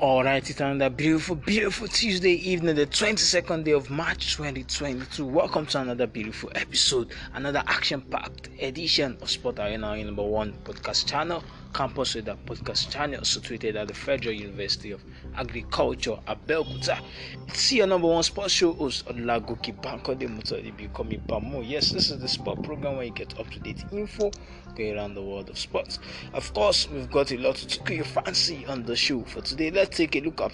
All right, it's another beautiful, beautiful Tuesday evening, the 22nd day of March 2022. Welcome to another beautiful episode, another action packed edition of Spot Arena, number one podcast channel. Campus with a podcast channel situated at the Federal University of Agriculture, Abeokuta. It's your number one sports show host on Lagoki Bankode Mutadibi Komi Bamu. Yes, this is the sport program where you get up to date info going around the world of sports. Of course, we've got a lot to tickle your fancy on the show for today. Let's take a look at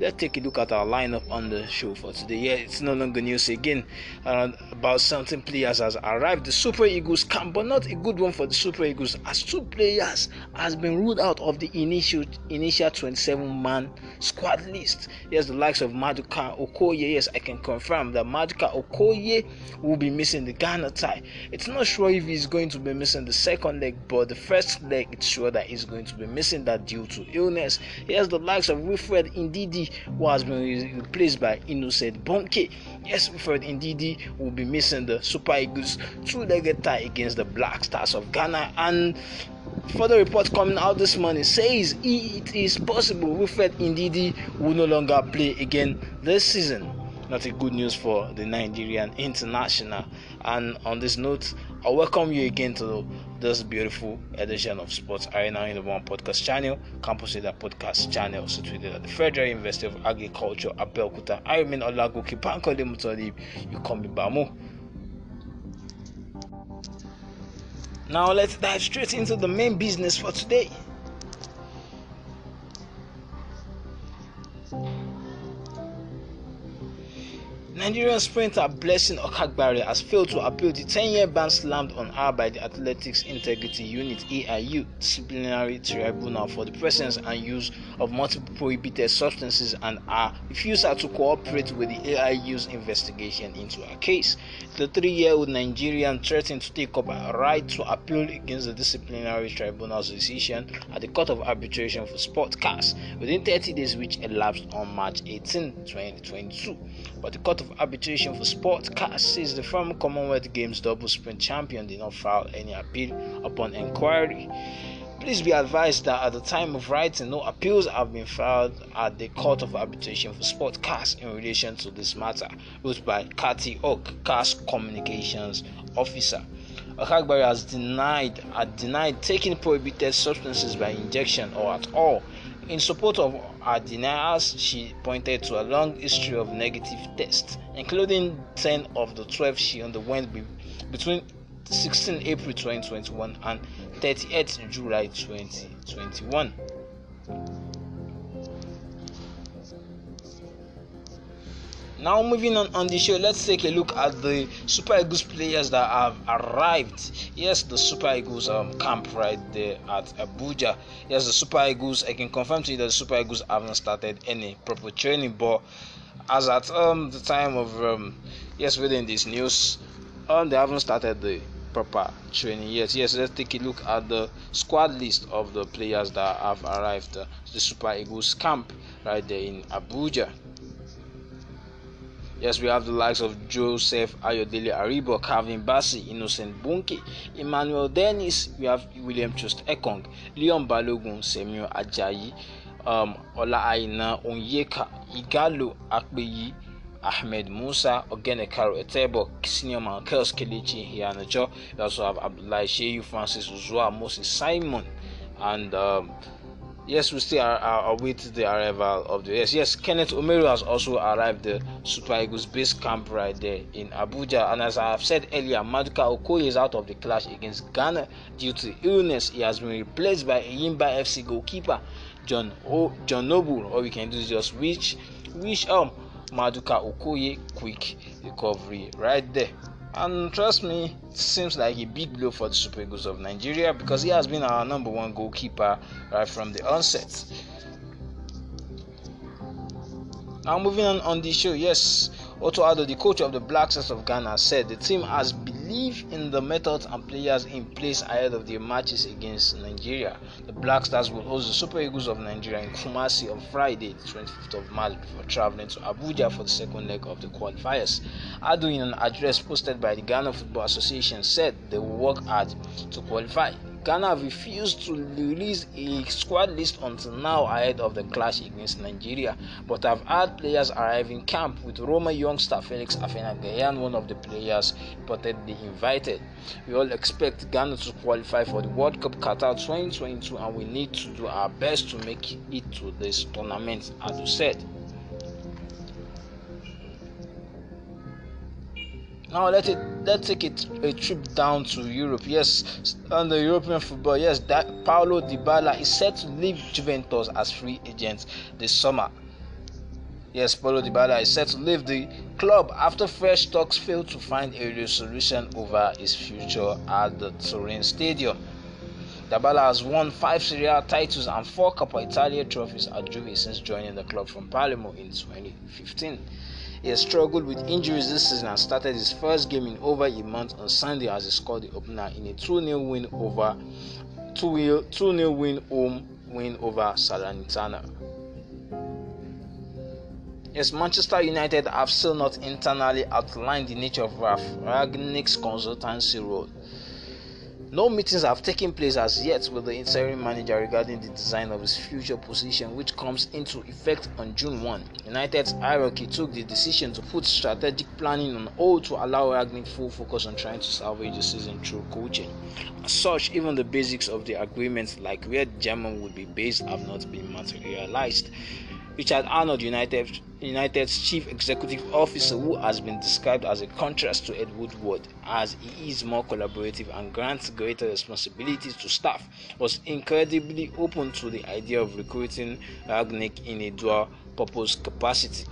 let's take a look at our lineup on the show for today. Yeah, it's no longer news again. Uh, about 17 players has arrived. The Super Eagles camp, but not a good one for the Super Eagles, as two players has been ruled out of the initial initial 27-man squad list. Yes, the likes of Maduka Okoye. Yes, I can confirm that Maduka Okoye will be missing the Ghana tie. It's not sure if he's going to be missing the second leg, but the first leg, it's sure that he's going to be missing that due to illness. Yes, the likes of Wilfred Indidi who has been replaced by Innocent Bonke. Yes, Wilfred Ndidi will be missing the Super Eagles two-legged tie against the Black Stars of Ghana and further reports coming out this morning says it is possible Wilfred Ndidi will no longer play again this season not a good news for the Nigerian international. And on this note, I welcome you again to this beautiful edition of Sports Arena in the One Podcast channel, Campus Leader Podcast channel, situated at the Federal University of Agriculture, Abeokuta. I mean Olagoki Bankole Mutolib, you call me Bamu. Now let's dive straight into the main business for today. Nigerian sprinter Blessing Okagbare has failed to appeal the 10 year ban slammed on her by the Athletics Integrity Unit AIU disciplinary tribunal for the presence and use of multiple prohibited substances and her refusal to cooperate with the AIU's investigation into her case. The three year old Nigerian threatened to take up her right to appeal against the disciplinary tribunal's decision at the Court of Arbitration for Sport Cars within 30 days, which elapsed on March 18, 2022. But the Court of arbitration for sport, CAS says the former Commonwealth Games double sprint champion did not file any appeal upon inquiry. Please be advised that at the time of writing, no appeals have been filed at the Court of Arbitration for Sport CAS in relation to this matter, wrote by Cathy Oak, CAS Communications Officer. Okagbari has denied, had denied taking prohibited substances by injection or at all in support of her denials, she pointed to a long history of negative tests, including 10 of the 12 she underwent be- between 16 April 2021 and 38 July 2021. Now moving on on the show, let's take a look at the Super Eagles players that have arrived. Yes, the Super Eagles um, camp right there at Abuja. Yes, the Super Eagles. I can confirm to you that the Super Eagles haven't started any proper training, but as at um, the time of um, yes, within this news, um, they haven't started the proper training yet. Yes, let's take a look at the squad list of the players that have arrived uh, the Super Eagles camp right there in Abuja. Yes, we have the likes of Joseph Ayodele Aribo, Calvin Bassi, Innocent Bunke, Emmanuel Dennis, we have William Trust Ekong, Leon Balogun, Samuel Ajayi, um, Ola Aina, Onyeka, Igalo Akpeyi, Ahmed Musa, Ogenekaro Etebo, Senior Mankels Kelechi Hianajo. We also have Abdullahi Sheyu, Francis Uzua, Moses Simon, and um, Yes, we still are, are, await the arrival of the yes, yes. Kenneth Omeru has also arrived the Super Eagles base camp right there in Abuja. And as I have said earlier, Maduka Okoye is out of the clash against Ghana due to illness. He has been replaced by Yimba FC goalkeeper John o, John Noble. All we can do is just wish wish um Maduka Okoye quick recovery right there. And trust me, it seems like a big blow for the Super Eagles of Nigeria because he has been our number one goalkeeper right from the onset. Now, moving on on the show, yes, Otto Addo, the coach of the Black Stars of Ghana, said the team has believe in the methods and players in place ahead of their matches against Nigeria. The Black Stars will host the Super Eagles of Nigeria in Kumasi on Friday, the 25th of March, before traveling to Abuja for the second leg of the qualifiers. Adu, in an address posted by the Ghana Football Association, said they will work hard to qualify. Ghana refused to release a squad list until now ahead of the clash against Nigeria. But I've had players arrive in camp with Roma youngster Felix afena Gayan, one of the players reportedly invited. We all expect Ghana to qualify for the World Cup Qatar 2022, and we need to do our best to make it to this tournament, as you said. now let it let's take it a trip down to Europe. Yes, under European football, yes, that Paulo Dybala is set to leave Juventus as free agent this summer. Yes, Paulo Dybala is set to leave the club after fresh talks failed to find a resolution over his future at the Turin Stadium. Dybala has won five Serie A titles and four Coppa Italia trophies at Juve since joining the club from Palermo in 2015. He has struggled with injuries this season and started his first game in over a month on Sunday as he scored the opener in a 2 0 win over 2 0 win home win over Salernitana. Yes, Manchester United have still not internally outlined the nature of Ralph Ragnick's consultancy role. No meetings have taken place as yet with the interim manager regarding the design of his future position, which comes into effect on June 1. United's hierarchy took the decision to put strategic planning on hold to allow Ragnick full focus on trying to salvage the season through coaching. As such, even the basics of the agreement, like where German would be based, have not been materialized. Richard Arnold, United, United's chief executive officer, who has been described as a contrast to Ed Woodward, as he is more collaborative and grants greater responsibilities to staff, was incredibly open to the idea of recruiting Ragnick in a dual purpose capacity.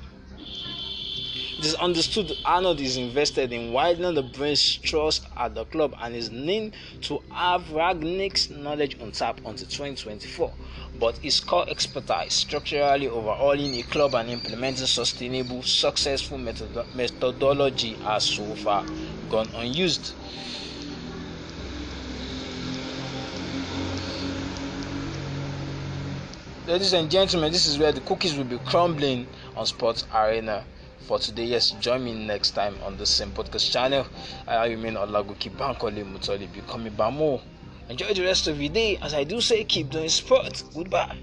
It is understood Arnold is invested in widening the brain's trust at the club and is named to have Ragnick's knowledge on tap until 2024, but his core expertise structurally overhauling a club and implementing sustainable, successful method- methodology has so far gone unused. Ladies and gentlemen, this is where the cookies will be crumbling on Sports Arena for today. Yes, join me next time on the same podcast channel. I remain Olaguki Bankole Mutoli Bikomi Bamo. Enjoy the rest of your day. As I do say, keep doing sport. Goodbye.